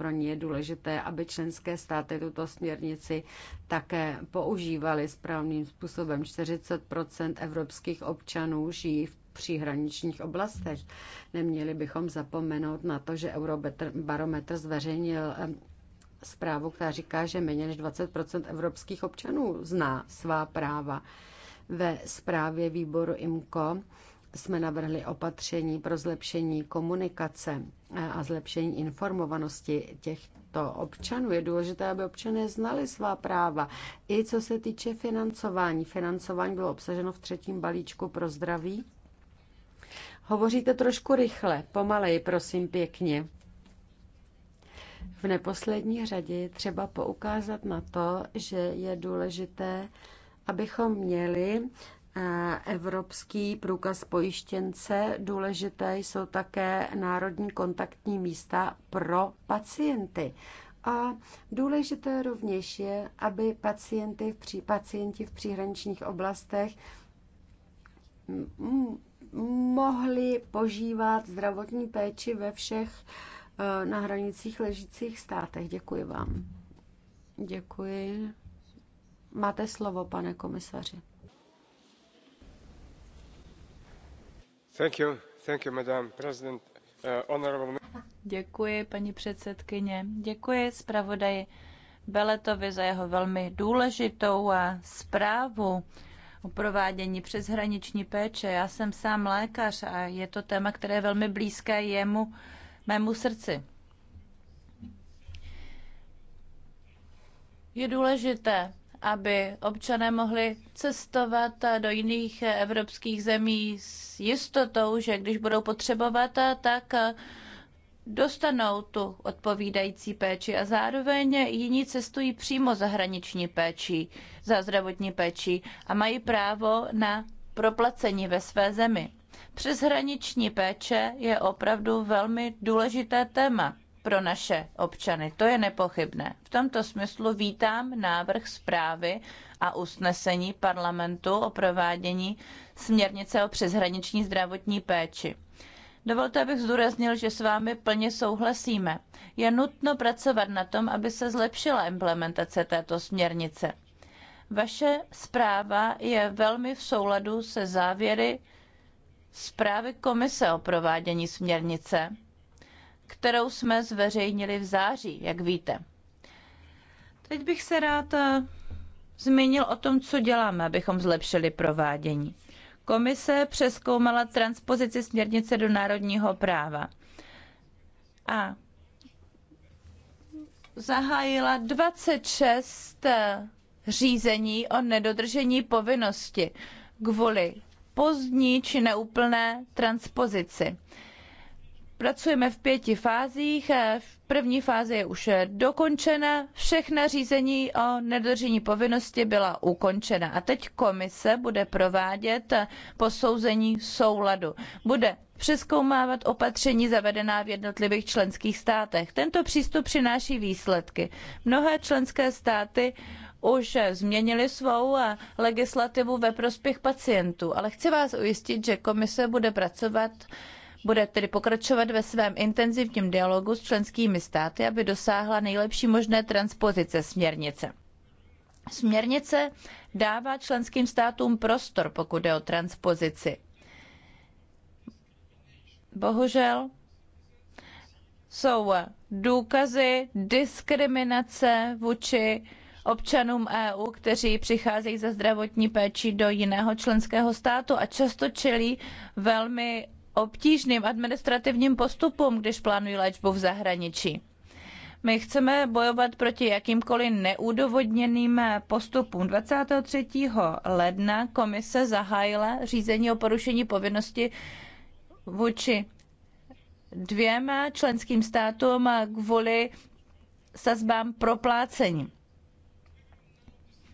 pro ně je důležité, aby členské státy tuto směrnici také používaly správným způsobem. 40 evropských občanů žijí v příhraničních oblastech. Neměli bychom zapomenout na to, že Eurobarometr zveřejnil eh, zprávu, která říká, že méně než 20 evropských občanů zná svá práva. Ve zprávě výboru IMCO jsme navrhli opatření pro zlepšení komunikace a zlepšení informovanosti těchto občanů. Je důležité, aby občané znali svá práva. I co se týče financování. Financování bylo obsaženo v třetím balíčku pro zdraví. Hovoříte trošku rychle, pomaleji, prosím, pěkně. V neposlední řadě třeba poukázat na to, že je důležité, abychom měli Evropský průkaz pojištěnce. Důležité jsou také národní kontaktní místa pro pacienty. A důležité rovněž je, aby pacienty v, pří, pacienti v příhraničních oblastech mohli požívat zdravotní péči ve všech e, na hranicích ležících státech. Děkuji vám. Děkuji. Máte slovo, pane komisaři. Eh, Děkuji, paní předsedkyně. Děkuji zpravodaji Beletovi za jeho velmi důležitou zprávu o provádění přeshraniční péče. Já jsem sám lékař a je to téma, které je velmi blízké jemu, mému srdci. Je důležité aby občané mohli cestovat do jiných evropských zemí s jistotou, že když budou potřebovat, tak dostanou tu odpovídající péči a zároveň jiní cestují přímo zahraniční péči, za zdravotní péči a mají právo na proplacení ve své zemi. Přeshraniční péče je opravdu velmi důležité téma pro naše občany. To je nepochybné. V tomto smyslu vítám návrh zprávy a usnesení parlamentu o provádění směrnice o přeshraniční zdravotní péči. Dovolte, abych zdůraznil, že s vámi plně souhlasíme. Je nutno pracovat na tom, aby se zlepšila implementace této směrnice. Vaše zpráva je velmi v souladu se závěry zprávy Komise o provádění směrnice kterou jsme zveřejnili v září, jak víte. Teď bych se rád eh, zmínil o tom, co děláme, abychom zlepšili provádění. Komise přeskoumala transpozici směrnice do národního práva a zahájila 26 eh, řízení o nedodržení povinnosti kvůli pozdní či neúplné transpozici. Pracujeme v pěti fázích. Eh, v první fázi je už dokončena. Všechna řízení o nedržení povinnosti byla ukončena. A teď komise bude provádět eh, posouzení souladu. Bude přeskoumávat opatření zavedená v jednotlivých členských státech. Tento přístup přináší výsledky. Mnohé členské státy už eh, změnili svou legislativu ve prospěch pacientů, ale chci vás ujistit, že komise bude pracovat bude tedy pokračovat ve svém intenzivním dialogu s členskými státy, aby dosáhla nejlepší možné transpozice směrnice. Směrnice dává členským státům prostor, pokud jde o transpozici. Bohužel jsou důkazy diskriminace vůči občanům EU, kteří přicházejí za zdravotní péči do jiného členského státu a často čelí velmi obtížným administrativním postupům, když plánují léčbu v zahraničí. My chceme bojovat proti jakýmkoliv neudovodněným postupům. 23. ledna komise zahájila řízení o porušení povinnosti vůči dvěma členským státům kvůli sazbám proplácení.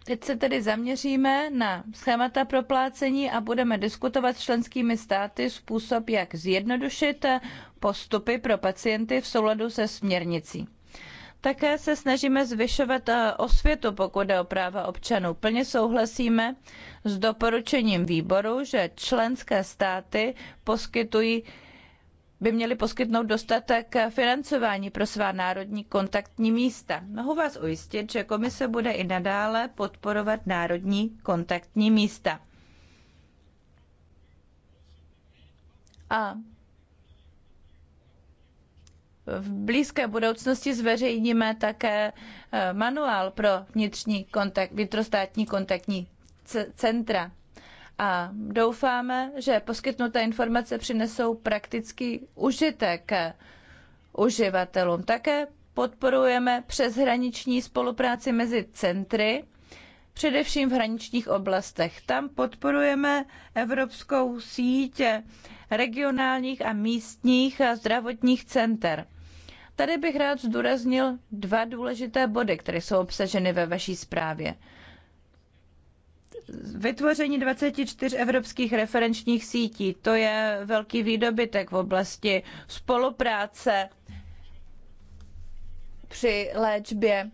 Teď se tedy zaměříme na schémata proplácení a budeme diskutovat s členskými státy způsob, jak zjednodušit postupy pro pacienty v souladu se směrnicí. Také se snažíme zvyšovat eh, osvětu, pokud jde o práva občanů. Plně souhlasíme s doporučením výboru, že členské státy poskytují by měly poskytnout dostatek financování pro svá národní kontaktní místa. Mohu vás ujistit, že komise bude i nadále podporovat národní kontaktní místa. A v blízké budoucnosti zveřejníme také eh, manuál pro vnitřní kontakt, vnitrostátní kontaktní centra a doufáme, že poskytnuté informace přinesou praktický užitek uživatelům. Také podporujeme přeshraniční spolupráci mezi centry, především v hraničních oblastech. Tam podporujeme evropskou síť regionálních a místních zdravotních center. Tady bych rád zdůraznil dva důležité body, které jsou obsaženy ve vaší zprávě. Vytvoření 24 evropských referenčních sítí, to je velký výdobytek v oblasti spolupráce při léčbě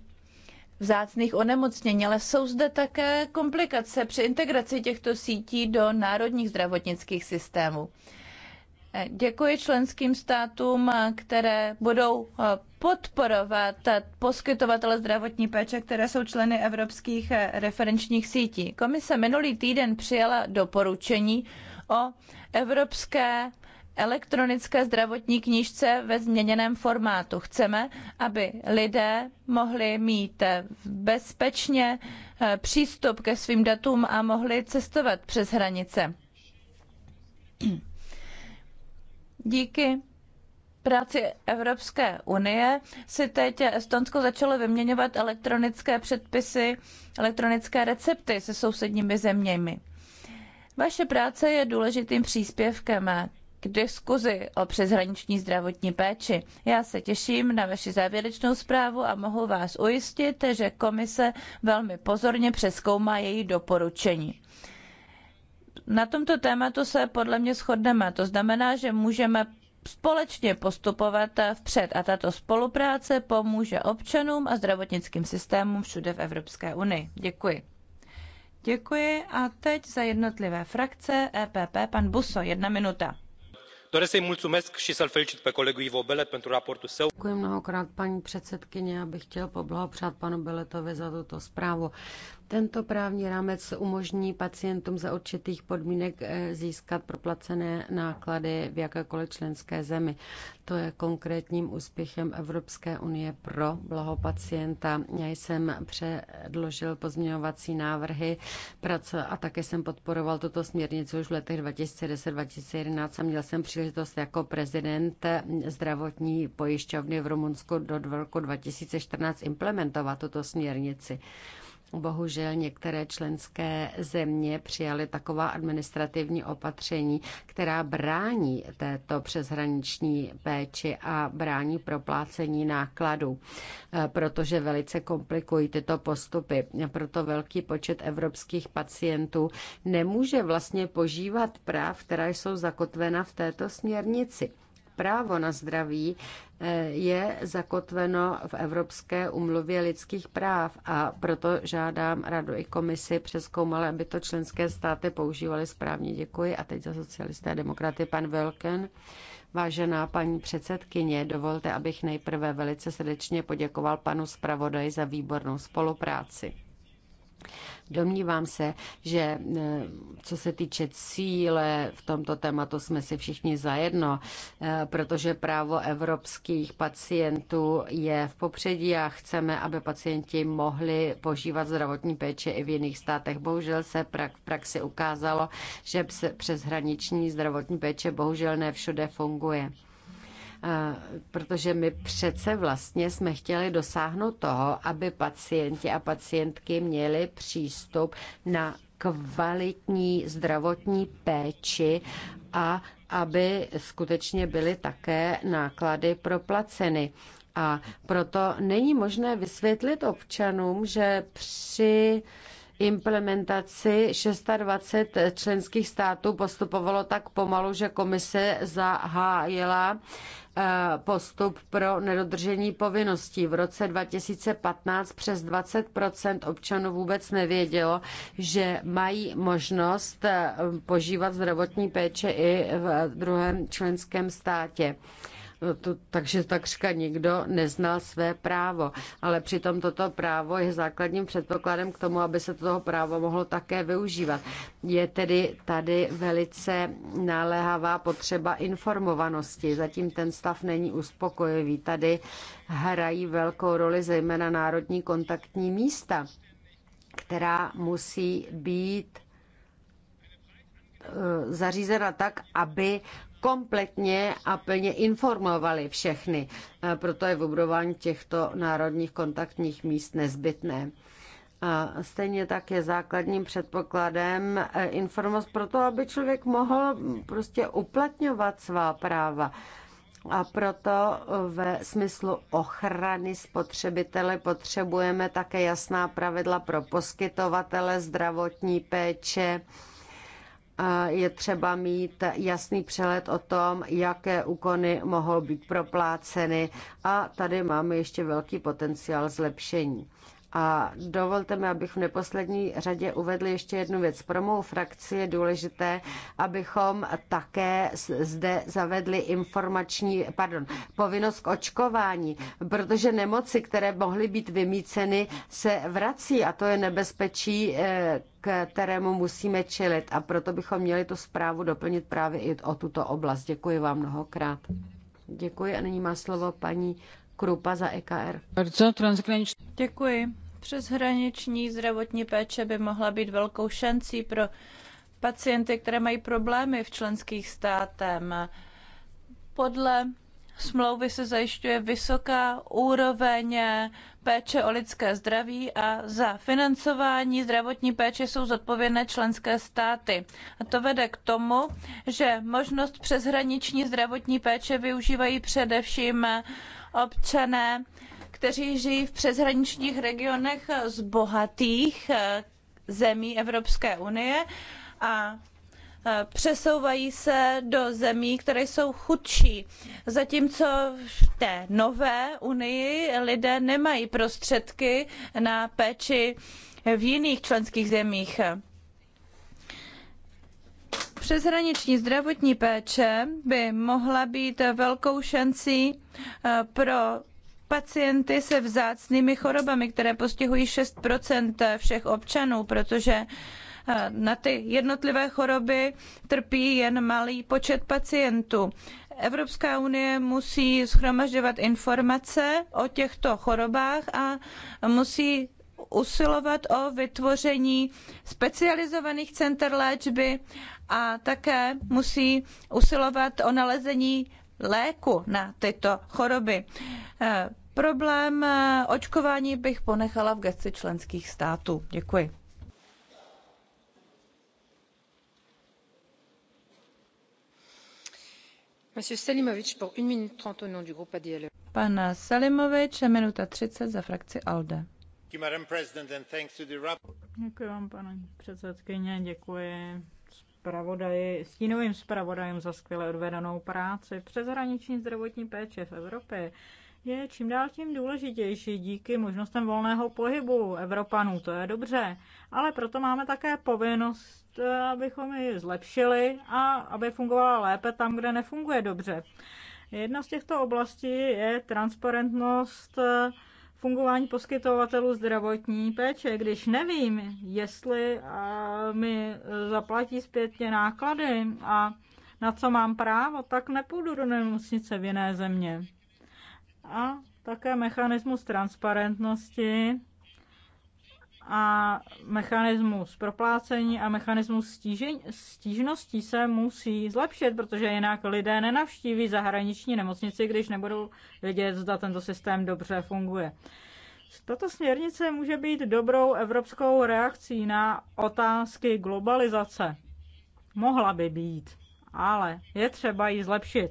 vzácných onemocnění, ale jsou zde také komplikace při integraci těchto sítí do národních zdravotnických systémů. Děkuji členským státům, které budou eh, podporovat eh, poskytovatele zdravotní péče, které jsou členy evropských eh, referenčních sítí. Komise minulý týden přijala doporučení o evropské elektronické zdravotní knížce ve změněném formátu. Chceme, aby lidé mohli mít bezpečně přístup ke svým datům a mohli cestovat přes hranice. Díky práci Evropské unie si teď Estonsko začalo vyměňovat elektronické předpisy, elektronické recepty se sousedními zeměmi. Vaše práce je důležitým příspěvkem k diskuzi o přeshraniční zdravotní péči. Já se těším na vaši závěrečnou zprávu a mohu vás ujistit, že komise velmi pozorně přeskoumá její doporučení na tomto tématu se podle mě shodneme. To znamená, že můžeme společně postupovat vpřed a tato spolupráce pomůže občanům a zdravotnickým systémům všude v Evropské unii. Děkuji. Děkuji a teď za jednotlivé frakce EPP pan Buso, jedna minuta. Děkuji mnohokrát, paní předsedkyně, Abych chtěl poblahopřát panu Beletovi za tuto zprávu. Tento právní rámec umožní pacientům za určitých podmínek eh, získat proplacené náklady v jakékoliv členské zemi. To je konkrétním úspěchem Evropské unie pro blaho pacienta. Já jsem předložil pozměňovací návrhy prace a také jsem podporoval tuto směrnici už v letech 2010-2011 a měl jsem příležitost jako prezident zdravotní pojišťovny v Rumunsku do roku 2014 implementovat tuto směrnici. Bohužel některé členské země přijaly taková administrativní opatření, která brání této přeshraniční péči a brání proplácení nákladů, eh, protože velice komplikují tyto postupy. Proto velký počet evropských pacientů nemůže vlastně požívat práv, která jsou zakotvena v této směrnici právo na zdraví eh, je zakotveno v Evropské umluvě lidských práv a proto žádám radu i komisi přeskoumala, aby to členské státy používaly správně. Děkuji. A teď za socialisté a demokraty pan Velken. Vážená paní předsedkyně, dovolte, abych nejprve velice srdečně poděkoval panu zpravodaji za výbornou spolupráci. Domnívám se, že e, co se týče cíle, v tomto tématu jsme si všichni zajedno, e, protože právo evropských pacientů je v popředí a chceme, aby pacienti mohli požívat zdravotní péče i v jiných státech. Bohužel se v praxi ukázalo, že přeshraniční zdravotní péče bohužel ne všude funguje protože my přece vlastně jsme chtěli dosáhnout toho, aby pacienti a pacientky měli přístup na kvalitní zdravotní péči a aby skutečně byly také náklady proplaceny. A proto není možné vysvětlit občanům, že při implementaci 26 členských států postupovalo tak pomalu, že komise zahájila Eh, postup pro nedodržení povinností. V roce 2015 přes 20 občanů vůbec nevědělo, že mají možnost eh, požívat zdravotní péče i v druhém členském státě to, takže takřka nikdo nezná své právo. Ale přitom toto právo je základním předpokladem k tomu, aby se toho právo mohlo také využívat. Je tedy tady velice naléhavá potřeba informovanosti. Zatím ten stav není uspokojivý. Tady hrají velkou roli zejména národní kontaktní místa, která musí být eh, zařízena tak, aby kompletně a plně informovali všechny. Proto je vybudování těchto národních kontaktních míst nezbytné. stejně tak je základním předpokladem e, informace pro to, aby člověk mohl prostě uplatňovat svá práva. A proto ve smyslu ochrany spotřebitele potřebujeme také jasná pravidla pro poskytovatele zdravotní péče, je třeba mít jasný přehled o tom, jaké úkony mohou být propláceny a tady máme ještě velký potenciál zlepšení. A dovolte mi, abych v neposlední řadě uvedl ještě jednu věc. Pro mou frakci je důležité, abychom také zde zavedli informační, pardon, povinnost k očkování, protože nemoci, které mohly být vymíceny, se vrací a to je nebezpečí, eh, kterému musíme čelit. A proto bychom měli tu zprávu doplnit právě i o tuto oblast. Děkuji vám mnohokrát. Děkuji a nyní má slovo paní Krupa za EKR. Děkuji. Přeshraniční zdravotní péče by mohla být velkou šancí pro pacienty, které mají problémy v členských státem. Podle smlouvy se zajišťuje vysoká úroveň péče o lidské zdraví a za financování zdravotní péče jsou zodpovědné členské státy. A to vede k tomu, že možnost přeshraniční zdravotní péče využívají především občané kteří žijí v přeshraničních regionech z bohatých eh, zemí Evropské unie a eh, přesouvají se do zemí, které jsou chudší. Zatímco v té nové unii lidé nemají prostředky na péči v jiných členských zemích. Přeshraniční zdravotní péče by mohla být velkou šancí eh, pro pacienty se vzácnými chorobami, které postihují 6 všech občanů, protože eh, na ty jednotlivé choroby trpí jen malý počet pacientů. Evropská unie musí schromažďovat informace o těchto chorobách a musí usilovat o vytvoření specializovaných center léčby a také musí usilovat o nalezení léku na tyto choroby. Eh, Problém eh, očkování bych ponechala v gesci členských států. Děkuji. E. Pan Selimovič, minuta 30 za frakci ALDE. Děkuji vám, pane předsedkyně, děkuji zpravodaji, stínovým zpravodajům za skvěle odvedenou práci. Přeshraniční zdravotní péče v Evropě je čím dál tím důležitější díky možnostem volného pohybu Evropanů. To je dobře, ale proto máme také povinnost, eh, abychom ji zlepšili a aby fungovala lépe tam, kde nefunguje dobře. Jedna z těchto oblastí je transparentnost eh, fungování poskytovatelů zdravotní péče. Když nevím, jestli mi zaplatí zpětně náklady a na co mám právo, tak nepůjdu do nemocnice v jiné země a také mechanismus transparentnosti a mechanismus proplácení a mechanismus stížností se musí zlepšit, protože jinak lidé nenavštíví zahraniční nemocnici, když nebudou vědět, zda tento systém dobře funguje. Tato směrnice může být dobrou evropskou reakcí na otázky globalizace. Mohla by být, ale je třeba ji zlepšit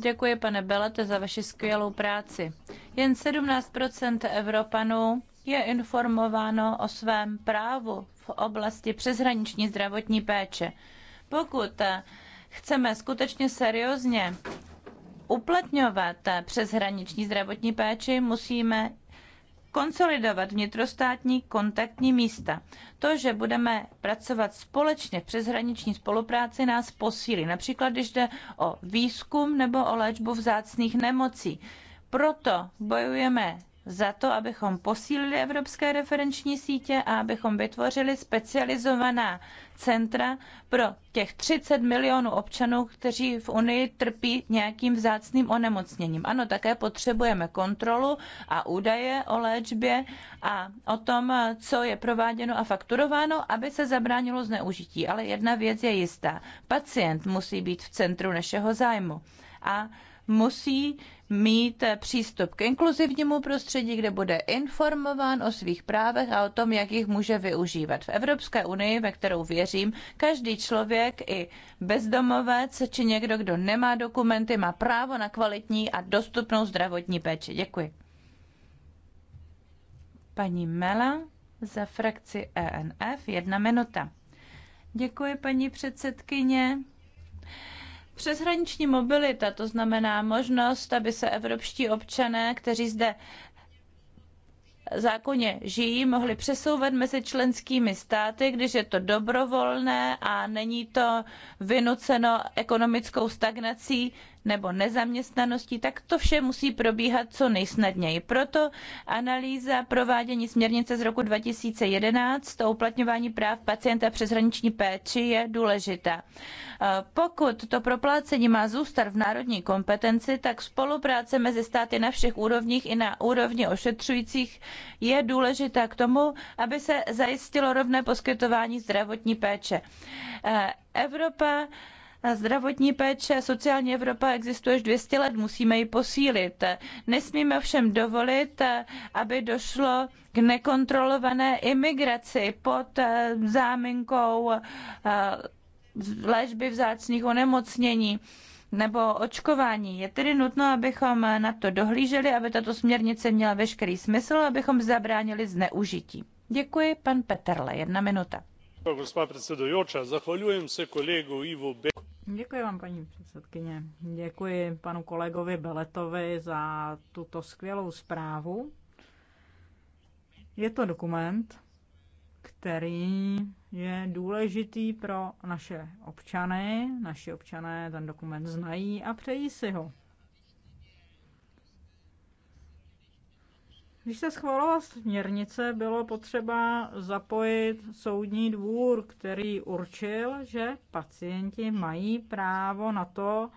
Děkuji, pane Belete, za vaši skvělou práci. Jen 17 Evropanů je informováno o svém právu v oblasti přeshraniční zdravotní péče. Pokud eh, chceme skutečně seriózně uplatňovat eh, přeshraniční zdravotní péči, musíme konsolidovat vnitrostátní kontaktní místa. To, že budeme pracovat společně v přeshraniční spolupráci, nás posílí, například když jde o výzkum nebo o léčbu vzácných nemocí. Proto bojujeme za to, abychom posílili evropské referenční sítě a abychom vytvořili specializovaná centra pro těch 30 milionů občanů, kteří v Unii trpí nějakým vzácným onemocněním. Ano, také potřebujeme kontrolu a údaje o léčbě a o tom, co je prováděno a fakturováno, aby se zabránilo zneužití. Ale jedna věc je jistá. Pacient musí být v centru našeho zájmu a musí mít přístup k inkluzivnímu prostředí, kde bude informován o svých právech a o tom, jak jich může využívat. V Evropské unii, ve kterou věřím, každý člověk i bezdomovec či někdo, kdo nemá dokumenty, má právo na kvalitní a dostupnou zdravotní péči. Děkuji. Paní Mela za frakci ENF, jedna minuta. Děkuji, paní předsedkyně. Přeshraniční mobilita, to znamená možnost, aby se evropští občané, kteří zde zákonně žijí, mohli přesouvat mezi členskými státy, když je to dobrovolné a není to vynuceno ekonomickou stagnací nebo nezaměstnaností, tak to vše musí probíhat co nejsnadněji. Proto analýza provádění směrnice z roku 2011 o uplatňování práv pacienta přes hraniční péči je důležitá. E, pokud to proplácení má zůstat v národní kompetenci, tak spolupráce mezi státy na všech úrovních i na úrovni ošetřujících je důležitá k tomu, aby se zajistilo rovné poskytování zdravotní péče. E, Evropa Zdravotní péče sociální Evropa existuje už 200 let, musíme ji posílit. Nesmíme všem dovolit, aby došlo k nekontrolované imigraci pod eh, záminkou eh, léčby vzácných onemocnění nebo očkování. Je tedy nutno, abychom na to dohlíželi, aby tato směrnice měla veškerý smysl, abychom zabránili zneužití. Děkuji, pan Petrle. jedna minuta gospa predsedujoča zahvaljujem se kolegu ivu beletovi. Děkuji vám, paní předsedkyně. Děkuji panu kolegovi Beletovi za tuto skvělou zprávu. Je to dokument, který je důležitý pro naše občany. Naši občané ten dokument znají a přejí si ho. Když se schvalovala směrnice, bylo potřeba zapojit soudní dvůr, který určil, že pacienti mají právo na to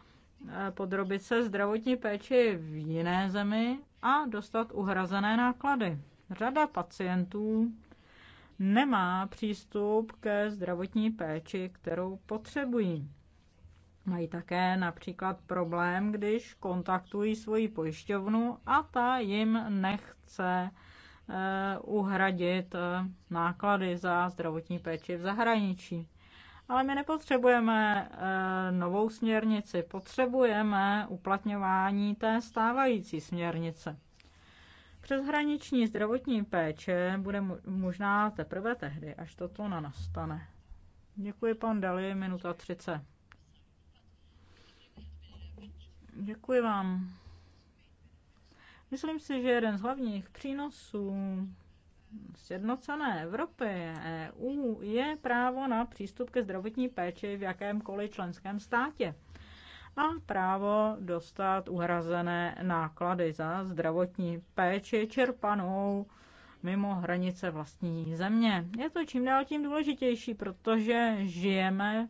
eh, podrobit se zdravotní péči v jiné zemi a dostat uhrazené náklady. Řada pacientů nemá přístup ke zdravotní péči, kterou potřebují. Mají také například problém, když kontaktují svoji pojišťovnu a ta jim nechce eh, uhradit eh, náklady za zdravotní péči v zahraničí. Ale my nepotřebujeme eh, novou směrnici, potřebujeme uplatňování té stávající směrnice. Přeshraniční zdravotní péče bude možná teprve tehdy, až toto nastane. Děkuji, pan Dali, minuta 30. Děkuji vám. Myslím si, že jeden z hlavních přínosů sjednocené Evropy EU je právo na přístup ke zdravotní péči v jakémkoliv členském státě a právo dostat uhrazené náklady za zdravotní péči čerpanou mimo hranice vlastní země. Je to čím dál tím důležitější, protože žijeme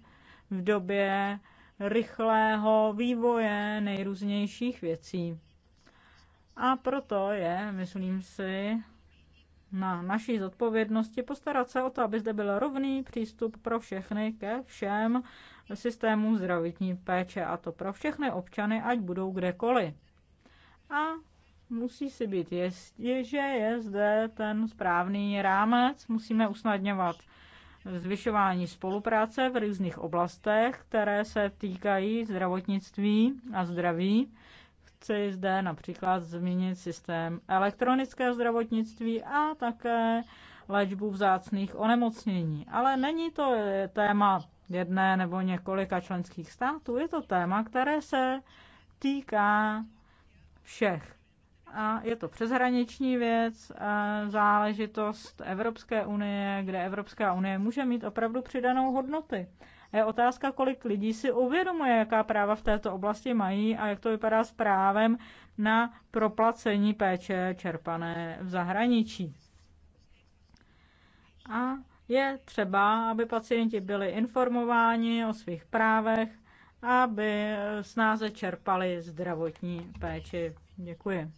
v době rychlého vývoje nejrůznějších věcí. A proto je, myslím si, na naší zodpovědnosti postarat se o to, aby zde byl rovný přístup pro všechny ke všem systémům zdravotní péče, a to pro všechny občany, ať budou kdekoliv. A musí si být jistě, že je zde ten správný rámec, musíme usnadňovat zvyšování spolupráce v různých oblastech, které se týkají zdravotnictví a zdraví. Chci zde například zmínit systém elektronického zdravotnictví a také léčbu vzácných onemocnění. Ale není to téma jedné nebo několika členských států, je to téma, které se týká všech a je to přeshraniční věc, záležitost Evropské unie, kde Evropská unie může mít opravdu přidanou hodnoty. A je otázka, kolik lidí si uvědomuje, jaká práva v této oblasti mají a jak to vypadá s právem na proplacení péče čerpané v zahraničí. A je třeba, aby pacienti byli informováni o svých právech, aby snáze čerpali zdravotní péči. Děkuji.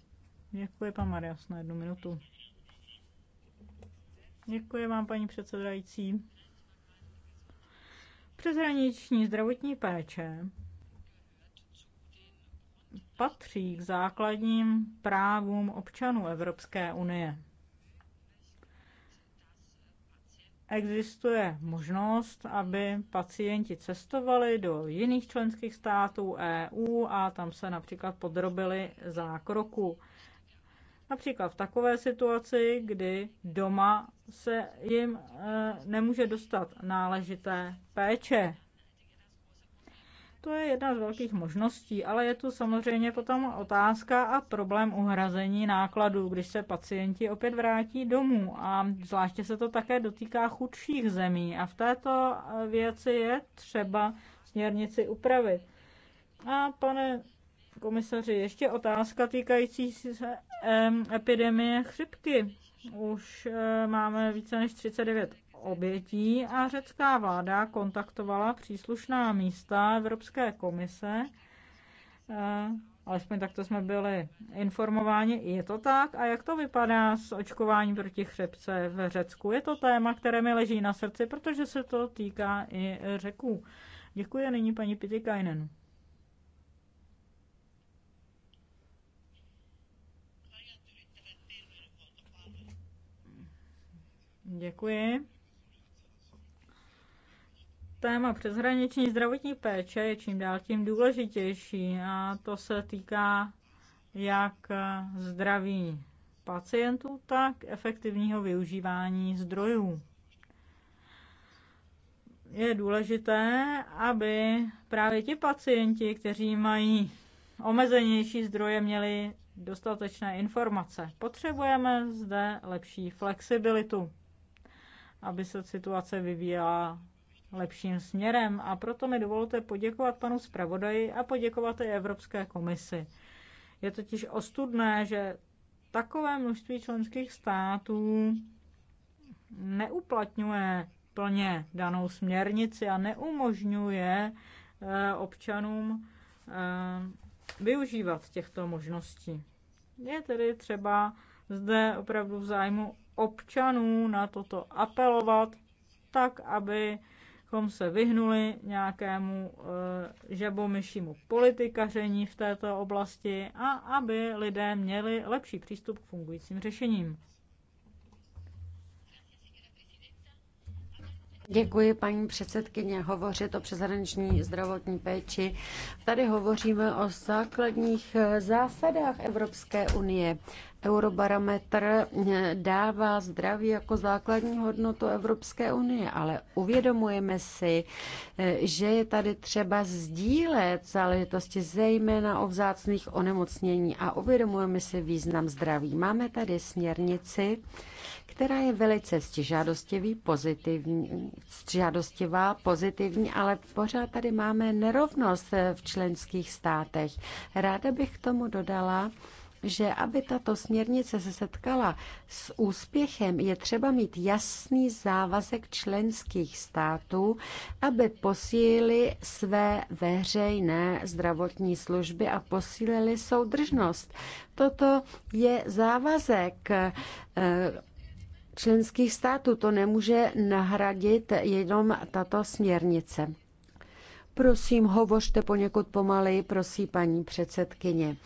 Děkuji, pan Marias, na jednu minutu. Děkuji vám, paní předsedající. Přeshraniční zdravotní péče patří k základním právům občanů Evropské unie. Existuje možnost, aby pacienti cestovali do jiných členských států EU a tam se například podrobili zákroku. Například v takové situaci, kdy doma se jim eh, nemůže dostat náležité péče. To je jedna z velkých možností, ale je tu samozřejmě potom otázka a problém uhrazení nákladů, když se pacienti opět vrátí domů. A zvláště se to také dotýká chudších zemí. A v této eh, věci je třeba směrnici upravit. A pane komisaři, ještě otázka týkající se epidemie chřipky. Už eh, máme více než 39 obětí a řecká vláda kontaktovala příslušná místa Evropské komise. Eh, alespoň takto jsme byli informováni. Je to tak? A jak to vypadá s očkováním proti chřipce v Řecku? Je to téma, které mi leží na srdci, protože se to týká i řeků. Děkuji a nyní paní Pitikainen. Děkuji. Téma přeshraniční zdravotní péče je čím dál tím důležitější a to se týká jak zdraví pacientů, tak efektivního využívání zdrojů. Je důležité, aby právě ti pacienti, kteří mají omezenější zdroje, měli dostatečné informace. Potřebujeme zde lepší flexibilitu aby se situace vyvíjela lepším směrem. A proto mi dovolte poděkovat panu zpravodaji a poděkovat i Evropské komisi. Je totiž ostudné, že takové množství členských států neuplatňuje plně danou směrnici a neumožňuje eh, občanům eh, využívat těchto možností. Je tedy třeba zde opravdu v zájmu občanů na toto apelovat, tak abychom se vyhnuli nějakému eh, žebomyšímu politikaření v této oblasti a aby lidé měli lepší přístup k fungujícím řešením. Děkuji, paní předsedkyně. Hovořit o přeshraniční zdravotní péči. Tady hovoříme o základních eh, zásadách Evropské unie. Eurobarometr eh, dává zdraví jako základní hodnotu Evropské unie, ale uvědomujeme si, eh, že je tady třeba sdílet záležitosti zejména o vzácných onemocnění a uvědomujeme si význam zdraví. Máme tady směrnici, která je velice stižádostivý, pozitivní, stižádostivá, pozitivní, ale pořád tady máme nerovnost v členských státech. Ráda bych k tomu dodala, že aby tato směrnice se setkala s úspěchem, je třeba mít jasný závazek členských států, aby posílili své veřejné zdravotní služby a posílili soudržnost. Toto je závazek eh, členských států. To nemůže nahradit jenom tato směrnice. Prosím, hovořte poněkud pomaleji, prosí paní předsedkyně.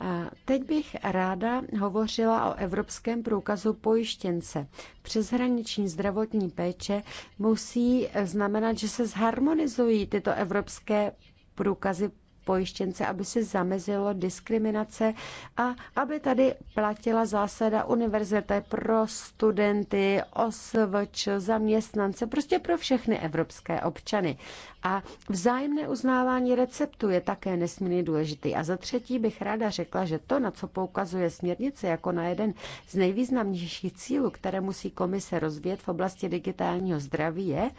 A teď bych ráda hovořila o Evropském průkazu pojištěnce. Přeshraniční zdravotní péče musí znamenat, že se zharmonizují tyto evropské průkazy pojištěnce, aby se zamezilo diskriminace a aby tady platila zásada univerzity pro studenty, osvč, zaměstnance, prostě pro všechny evropské občany. A vzájemné uznávání receptů je také nesmírně důležitý. A za třetí bych ráda řekla, že to, na co poukazuje směrnice jako na jeden z nejvýznamnějších cílů, které musí komise rozvíjet v oblasti digitálního zdraví, je,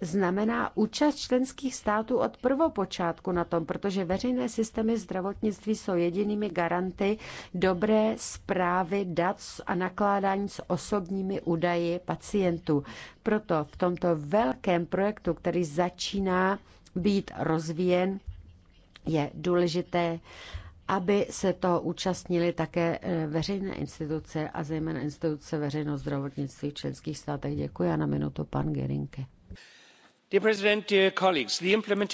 znamená účast členských států od prvopočátku na tom, protože veřejné systémy zdravotnictví jsou jedinými garanty dobré zprávy dat a nakládání s osobními údaji pacientů. Proto v tomto velkém projektu, který začíná být rozvíjen, je důležité, aby se toho účastnili také eh, veřejné instituce a zejména instituce veřejného zdravotnictví v členských státech. Děkuji a na minutu pan Gerinke.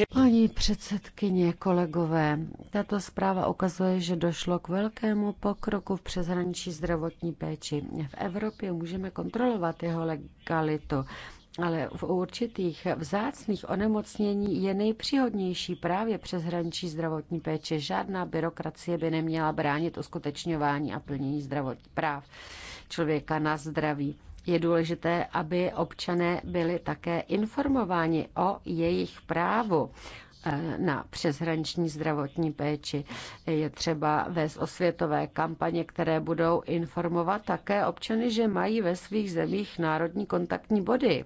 Paní předsedkyně, kolegové, tato zpráva ukazuje, že došlo k velkému pokroku v přeshraniční zdravotní péči. V Evropě můžeme kontrolovat jeho legalitu, ale v určitých vzácných onemocnění je nejpříhodnější právě přeshraniční zdravotní péče. Žádná byrokracie by neměla bránit uskutečňování a plnění zdravotních práv člověka na zdraví je důležité, aby občané byli také informováni o jejich právu eh, na přeshraniční zdravotní péči. Je třeba vést osvětové kampaně, které budou informovat také občany, že mají ve svých zemích národní kontaktní body,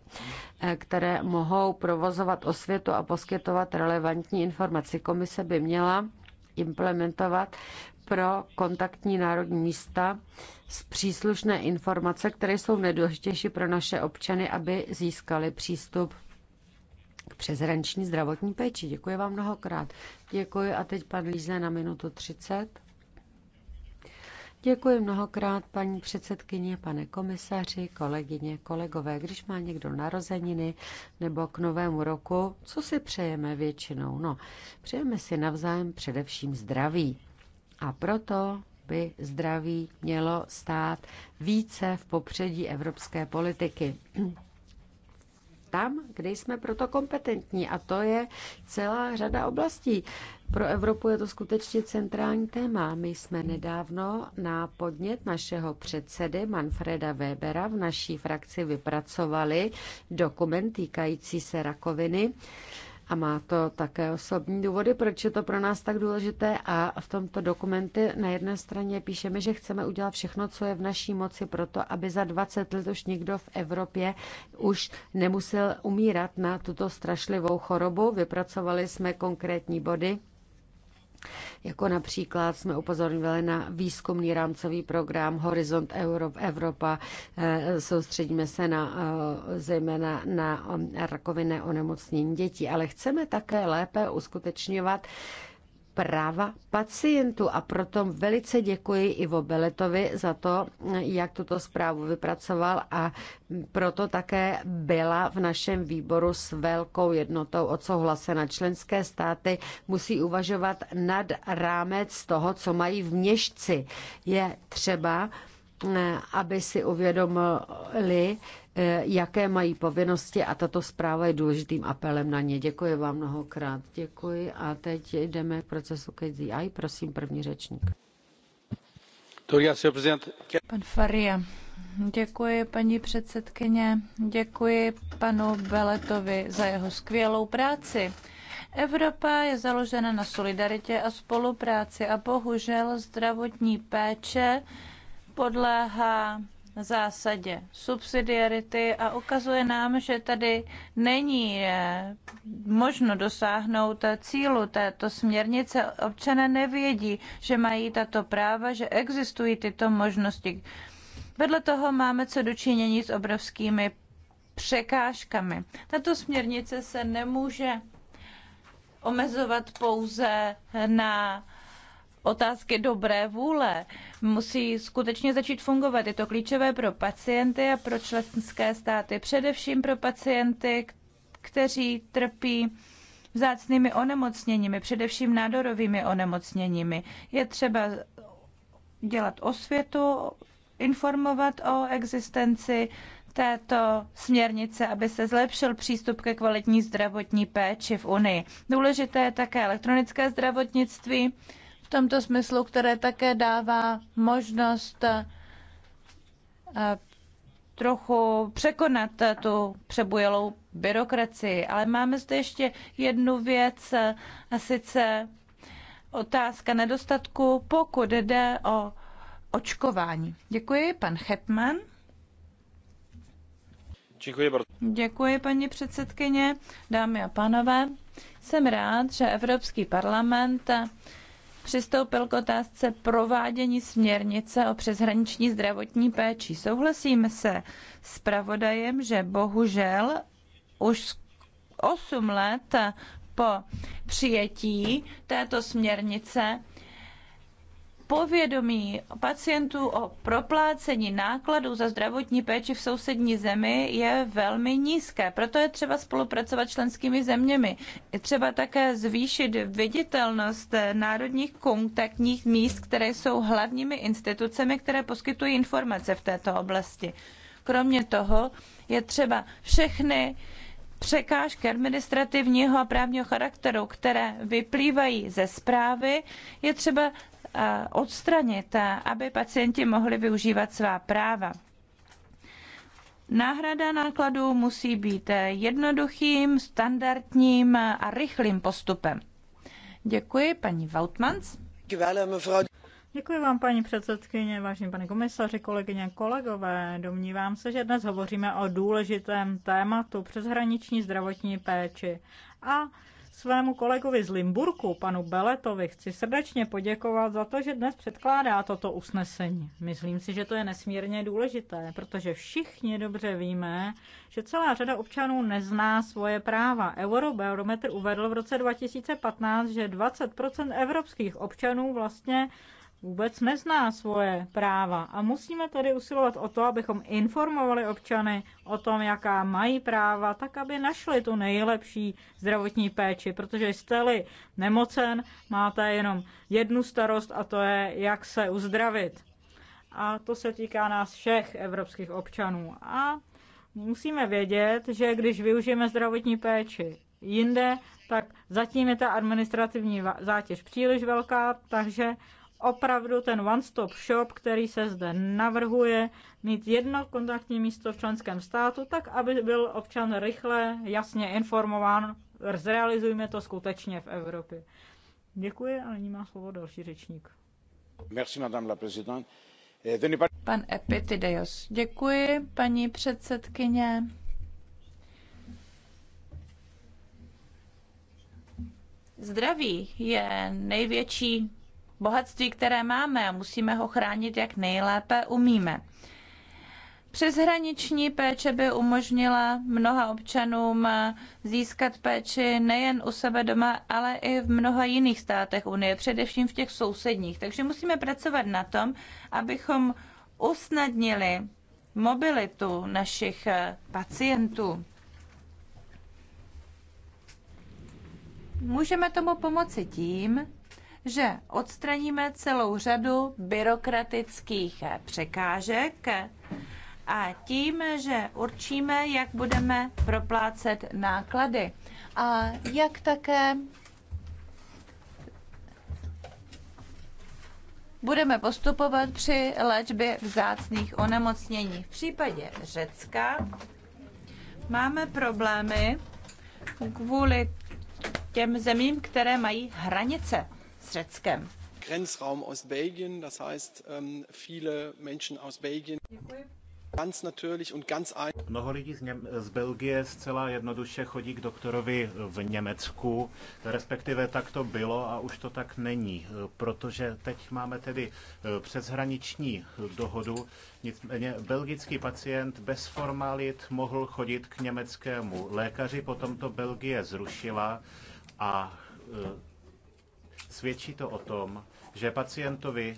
eh, které mohou provozovat osvětu a poskytovat relevantní informaci. Komise by měla implementovat pro kontaktní národní místa s příslušné informace, které jsou nejdůležitější pro naše občany, aby získali přístup k přezranční zdravotní péči. Děkuji vám mnohokrát. Děkuji a teď pan Líze na minutu 30. Děkuji mnohokrát, paní předsedkyně, pane komisaři, kolegyně, kolegové. Když má někdo narozeniny nebo k novému roku, co si přejeme většinou? No, přejeme si navzájem především zdraví. A proto by zdraví mělo stát více v popředí evropské politiky tam, kde jsme proto kompetentní. A to je celá řada oblastí. Pro Evropu je to skutečně centrální téma. My jsme nedávno na podnět našeho předsedy Manfreda Webera v naší frakci vypracovali dokument týkající se rakoviny. A má to také osobní důvody, proč je to pro nás tak důležité. A v tomto dokumenty na jedné straně píšeme, že chceme udělat všechno, co je v naší moci pro to, aby za 20 let už nikdo v Evropě už nemusel umírat na tuto strašlivou chorobu. Vypracovali jsme konkrétní body jako například jsme upozorňovali na výzkumný rámcový program Horizont Evropa. Eh, soustředíme se na, eh, zejména na eh, rakovinné onemocnění dětí, ale chceme také lépe uskutečňovat práva pacientů. A proto velice děkuji Ivo Beletovi za to, jak tuto zprávu vypracoval a proto také byla v našem výboru s velkou jednotou odsouhlasena. Členské státy musí uvažovat nad rámec toho, co mají v měšci. Je třeba aby si uvědomili, eh, jaké mají povinnosti a tato zpráva je důležitým apelem na ně. Děkuji vám mnohokrát. Děkuji a teď jdeme k procesu KDI. Prosím, první řečník. Pan Faria. Děkuji, paní předsedkyně. Děkuji panu Beletovi za jeho skvělou práci. Evropa je založena na solidaritě a spolupráci a bohužel zdravotní péče podléhá zásadě subsidiarity a ukazuje nám, že tady není eh, možno dosáhnout cílu této směrnice. Občané nevědí, že mají tato práva, že existují tyto možnosti. Vedle toho máme co dočinění s obrovskými překážkami. Tato směrnice se nemůže omezovat pouze na otázky dobré vůle musí skutečně začít fungovat. Je to klíčové pro pacienty a pro členské státy, především pro pacienty, kteří trpí vzácnými onemocněními, především nádorovými onemocněními. Je třeba dělat osvětu, informovat o existenci této směrnice, aby se zlepšil přístup ke kvalitní zdravotní péči v Unii. Důležité je také elektronické zdravotnictví, tomto smyslu, které také dává možnost eh, trochu překonat tu přebujelou byrokracii. Ale máme zde ještě jednu věc, a sice otázka nedostatku, pokud jde o očkování. Děkuji, pan Hetman. Děkuji, Děkuji, paní předsedkyně, dámy a pánové. Jsem rád, že Evropský parlament přistoupil k otázce provádění směrnice o přeshraniční zdravotní péči. Souhlasím se s pravodajem, že bohužel už 8 let po přijetí této směrnice povědomí pacientů o proplácení nákladů za zdravotní péči v sousední zemi je velmi nízké. Proto je třeba spolupracovat členskými zeměmi. Je třeba také zvýšit viditelnost národních kontaktních míst, které jsou hlavními institucemi, které poskytují informace v této oblasti. Kromě toho je třeba všechny překážky administrativního a právního charakteru, které vyplývají ze zprávy, je třeba odstranit, aby pacienti mohli využívat svá práva. Náhrada nákladů musí být jednoduchým, standardním a rychlým postupem. Děkuji, paní Vautmans. Děkuji vám, paní předsedkyně, vážení pane komisaři, kolegyně, kolegové. Domnívám se, že dnes hovoříme o důležitém tématu přeshraniční zdravotní péči. A svému kolegovi z Limburku, panu Beletovi, chci srdečně poděkovat za to, že dnes předkládá toto usnesení. Myslím si, že to je nesmírně důležité, protože všichni dobře víme, že celá řada občanů nezná svoje práva. Eurobarometr uvedl v roce 2015, že 20% evropských občanů vlastně vůbec nezná svoje práva. A musíme tedy usilovat o to, abychom informovali občany o tom, jaká mají práva, tak aby našli tu nejlepší zdravotní péči, protože jste-li nemocen, máte jenom jednu starost a to je, jak se uzdravit. A to se týká nás všech evropských občanů. A musíme vědět, že když využijeme zdravotní péči jinde, tak zatím je ta administrativní zátěž příliš velká, takže opravdu ten one-stop shop, který se zde navrhuje, mít jedno kontaktní místo v členském státu, tak aby byl občan rychle, jasně informován, zrealizujme to skutečně v Evropě. Děkuji a nyní má slovo další řečník. Merci, madame la présidente. Eh, Pan Epitideos. Děkuji, paní předsedkyně. Zdraví je největší bohatství, které máme a musíme ho chránit, jak nejlépe umíme. Přeshraniční péče by umožnila mnoha občanům získat péči nejen u sebe doma, ale i v mnoha jiných státech Unie, především v těch sousedních. Takže musíme pracovat na tom, abychom usnadnili mobilitu našich eh, pacientů. Můžeme tomu pomoci tím, že odstraníme celou řadu byrokratických překážek a tím, že určíme, jak budeme proplácet náklady a jak také budeme postupovat při léčbě vzácných onemocnění. V případě Řecka máme problémy kvůli těm zemím, které mají hranice s Řeckem. Grenzraum aus Belgien, das heißt ähm, viele Menschen aus Belgien. Mnoho lidí z, Něm- z Belgie zcela jednoduše chodí k doktorovi v Německu, respektive tak to bylo a už to tak není, e, protože teď máme tedy e, přeshraniční dohodu. Nicméně belgický pacient bez formalit mohl chodit k německému lékaři, potom to Belgie zrušila a e, Svědčí to o tom, že pacientovi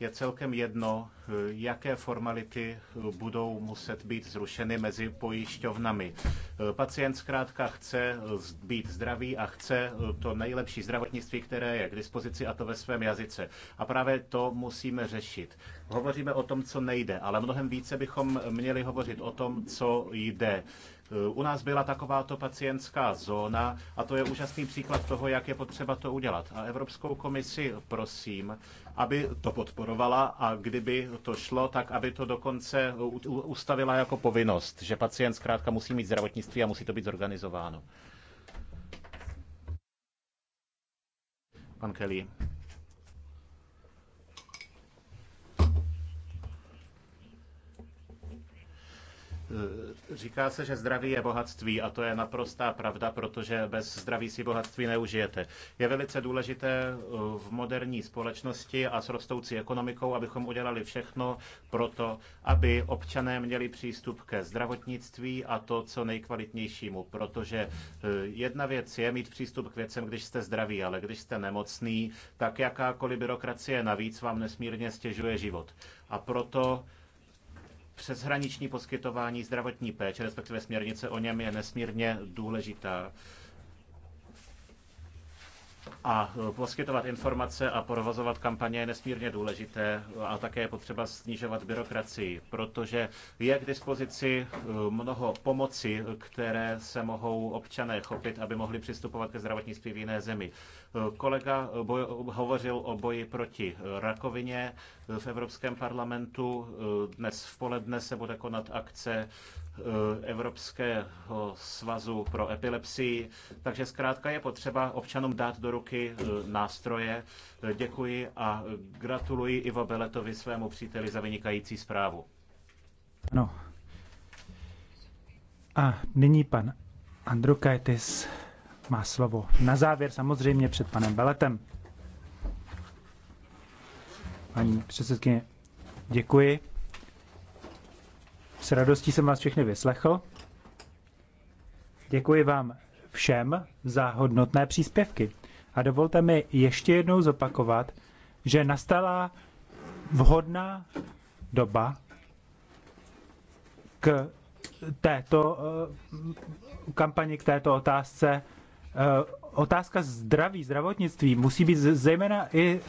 je celkem jedno, eh, jaké formality eh, budou muset být zrušeny mezi pojišťovnami. Eh, pacient zkrátka chce být zdravý a chce to nejlepší zdravotnictví, které je k dispozici a to ve svém jazyce. A právě to musíme řešit. Hovoříme o tom, co nejde, ale mnohem více bychom měli hovořit o tom, co jde. U nás byla takováto pacientská zóna a to je úžasný příklad toho, jak je potřeba to udělat. A Evropskou komisi prosím, aby to podporovala a kdyby to šlo, tak aby to dokonce ustavila jako povinnost, že pacient zkrátka musí mít zdravotnictví a musí to být zorganizováno. Pan Kelly. Eh, říká se, že zdraví je bohatství a to je naprostá pravda, protože bez zdraví si bohatství neužijete. Je velice důležité eh, v moderní společnosti a s rostoucí ekonomikou, abychom udělali všechno pro to, aby občané měli přístup ke zdravotnictví a to co nejkvalitnějšímu, protože eh, jedna věc je mít přístup k věcem, když jste zdraví, ale když jste nemocný, tak jakákoliv byrokracie navíc vám nesmírně stěžuje život. A proto přeshraniční poskytování zdravotní péče, respektive směrnice o něm je nesmírně důležitá. A poskytovat informace a provozovat kampaně je nesmírně důležité a také je potřeba snižovat byrokracii, protože je k dispozici eh, mnoho pomoci, které se mohou občané chopit, aby mohli přistupovat ke zdravotnictví v jiné zemi. Kolega boj, hovořil o boji proti rakovině v Evropském parlamentu. Dnes v poledne se bude konat akce eh, Evropského svazu pro epilepsii. Takže zkrátka je potřeba občanům dát do ruky eh, nástroje. Děkuji a gratuluji Ivo Beletovi svému příteli za vynikající zprávu. No. A nyní pan Androkaitis má slovo. Na závěr samozřejmě před panem Beletem. Paní předsedkyně, děkuji. S radostí jsem vás všechny vyslechl. Děkuji vám všem za hodnotné příspěvky. A dovolte mi ještě jednou zopakovat, že nastala vhodná doba k této eh, kampani, k této otázce Eh, otázka zdraví, zdravotnictví musí být zejména i, eh,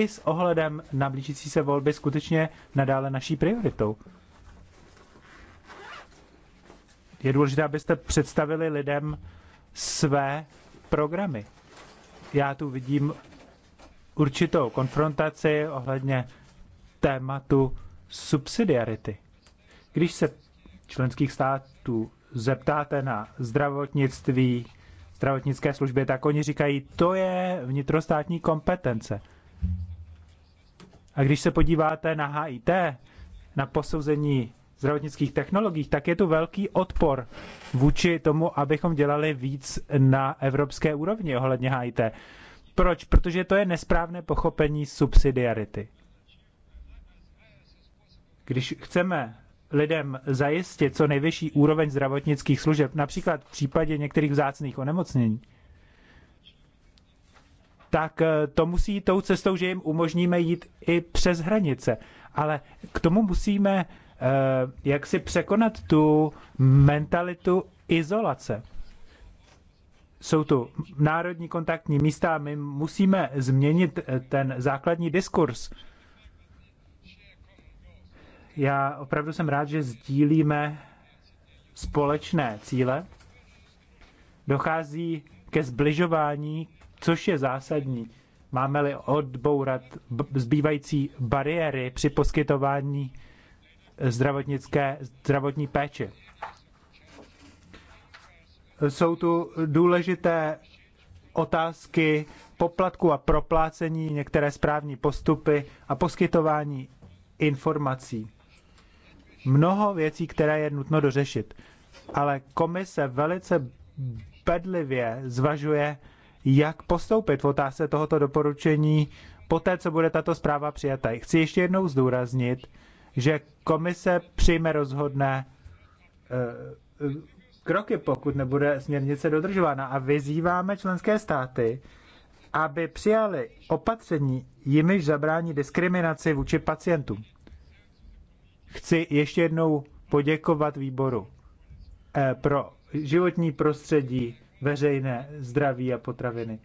i s ohledem na blížící se volby skutečně nadále naší prioritou. Je důležité, abyste představili lidem své programy. Já tu vidím určitou konfrontaci ohledně tématu subsidiarity. Když se členských států zeptáte na zdravotnictví, zdravotnické službě, tak oni říkají, to je vnitrostátní kompetence. A když se podíváte na HIT, na posouzení zdravotnických technologií, tak je tu velký odpor vůči tomu, abychom dělali víc na evropské úrovni ohledně HIT. Proč? Protože to je nesprávné pochopení subsidiarity. Když chceme lidem zajistit co nejvyšší úroveň zdravotnických služeb, například v případě některých vzácných onemocnění, tak eh, to musí tou cestou, že jim umožníme jít i přes hranice. Ale k tomu musíme eh, jak si překonat tu mentalitu izolace. Jsou tu národní kontaktní místa a my musíme změnit eh, ten základní diskurs já opravdu jsem rád, že sdílíme společné cíle. Dochází ke zbližování, což je zásadní. Máme-li odbourat zbývající bariéry při poskytování zdravotnické, zdravotní péče. Jsou tu důležité otázky poplatku a proplácení, některé správní postupy a poskytování informací mnoho věcí, které je nutno dořešit. Ale komise velice bedlivě zvažuje, jak postoupit v otázce tohoto doporučení poté, co bude tato zpráva přijata. Chci ještě jednou zdůraznit, že komise přijme rozhodné eh, kroky, pokud nebude směrnice dodržována. A vyzýváme členské státy, aby přijali opatření, jimiž zabrání diskriminaci vůči pacientům. Chci ještě jednou poděkovat výboru eh, pro životní prostředí, veřejné zdraví a potraviny.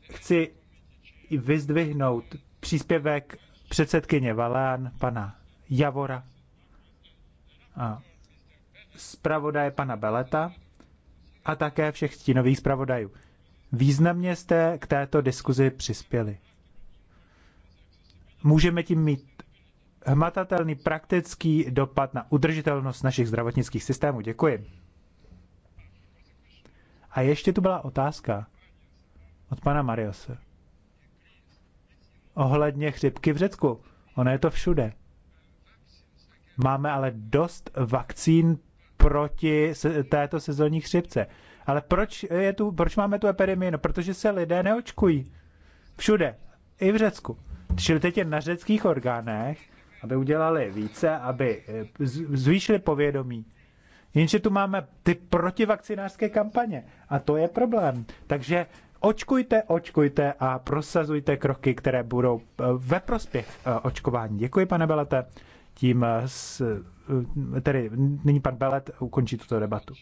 Chci vyzdvihnout příspěvek předsedkyně Valán, pana Javora a zpravodaje pana Beleta a také všech stínových zpravodajů. Významně jste k této diskuzi přispěli. Můžeme tím mít hmatatelný praktický dopad na udržitelnost našich zdravotnických systémů. Děkuji. A ještě tu byla otázka od pana Mariose. Ohledně chřipky v Řecku. Ono je to všude. Máme ale dost vakcín proti této sezónní chřipce. Ale proč, je tu, proč máme tu epidemii? No, protože se lidé neočkují. Všude. I v Řecku. Čili teď je na řeckých orgánech, aby udělali více, aby eh, zvýšili povědomí. Jenže tu máme ty protivakcinářské kampaně a to je problém. Takže očkujte, očkujte a prosazujte kroky, které budou eh, ve prospěch eh, očkování. Děkuji, pane Belete. Tím s, tedy nyní pan Belet ukončí tuto debatu.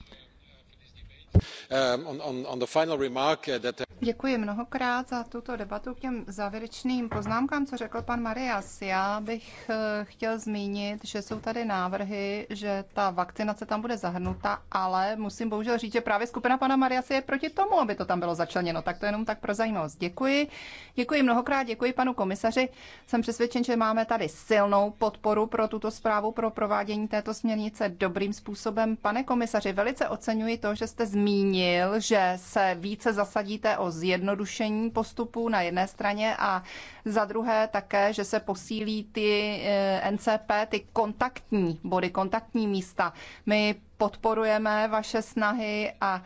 Um, uh, uh, děkuji mnohokrát za tuto debatu k těm závěrečným poznámkám, co řekl pan Marias. Já bych eh, chtěl zmínit, že jsou tady návrhy, že ta vakcinace tam bude zahrnuta, ale musím bohužel říct, že právě skupina pana Mariase je proti tomu, aby to tam bylo začleněno. Tak to jenom tak pro zajímavost. Děkuji. Děkuji mnohokrát, děkuji panu komisaři. Jsem přesvědčen, že máme tady silnou podporu pro tuto zprávu, pro provádění této směrnice dobrým způsobem. Pane komisaři, velice oceňuji to, že jste zmínil zmínil, že se více zasadíte o zjednodušení postupů na jedné straně a za druhé také, že se posílí ty eh, NCP, ty kontaktní body, kontaktní místa. My podporujeme vaše snahy a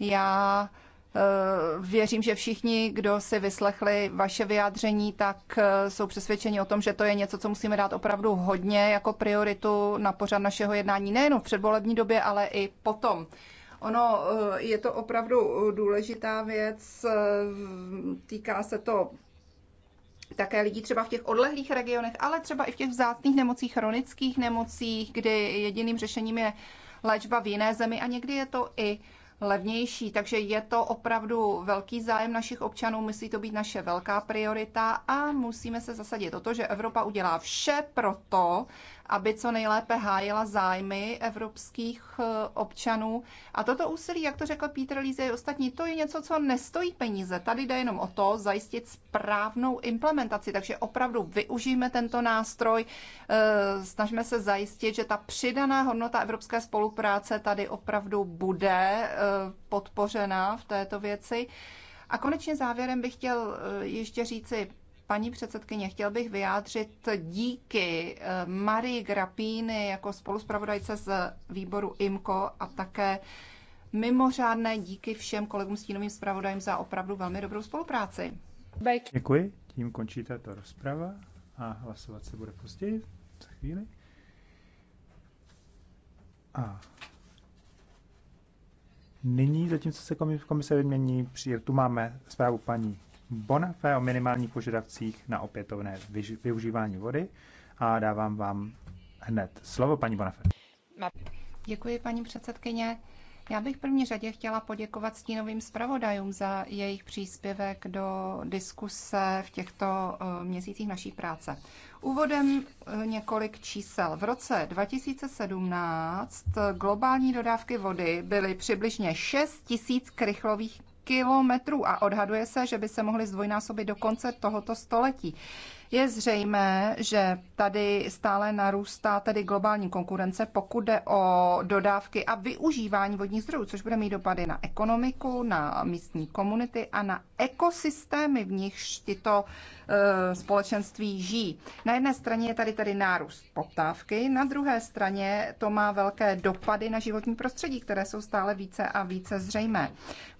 já eh, Věřím, že všichni, kdo si vyslechli vaše vyjádření, tak eh, jsou přesvědčeni o tom, že to je něco, co musíme dát opravdu hodně jako prioritu na pořad našeho jednání, nejen v předvolební době, ale i potom. Ono eh, je to opravdu eh, důležitá věc, eh, týká se to také lidí třeba v těch odlehlých regionech, ale třeba i v těch vzácných nemocích, chronických nemocích, kdy jediným řešením je léčba v jiné zemi a někdy je to i levnější. Takže je to opravdu velký zájem našich občanů, musí to být naše velká priorita a musíme se zasadit o to, že Evropa udělá vše pro to, aby co nejlépe hájila zájmy evropských eh, občanů. A toto úsilí, jak to řekl Peter Líze i ostatní, to je něco, co nestojí peníze. Tady jde jenom o to zajistit správnou implementaci, takže opravdu využijeme tento nástroj, eh, snažíme se zajistit, že ta přidaná hodnota evropské spolupráce tady opravdu bude eh, podpořena v této věci. A konečně závěrem bych chtěl ještě říci, Paní předsedkyně, chtěl bych vyjádřit díky eh, Marii Grapíny jako spoluspravodajce z výboru IMCO a také mimořádné díky všem kolegům stínovým zpravodajům za opravdu velmi dobrou spolupráci. Děkuji, tím končí tato rozprava a hlasovat se bude později, za chvíli. A nyní, zatímco se komise vymění, tu máme zprávu paní Bonafé o minimálních požadavcích na opětovné využívání vody a dávám vám hned slovo, paní Bonafé. Děkuji, paní předsedkyně. Já bych v první řadě chtěla poděkovat stínovým zpravodajům za jejich příspěvek do diskuse v těchto eh, měsících naší práce. Úvodem eh, několik čísel. V roce 2017 eh, globální dodávky vody byly přibližně 6 000 krychlových kilometrů a odhaduje se, že by se mohly zdvojnásobit do konce tohoto století. Je zřejmé, že tady stále narůstá tedy globální konkurence, pokud jde o dodávky a využívání vodních zdrojů, což bude mít dopady na ekonomiku, na místní komunity a na ekosystémy, v nichž tyto eh, společenství žijí. Na jedné straně je tady tady nárůst poptávky, na druhé straně to má velké dopady na životní prostředí, které jsou stále více a více zřejmé.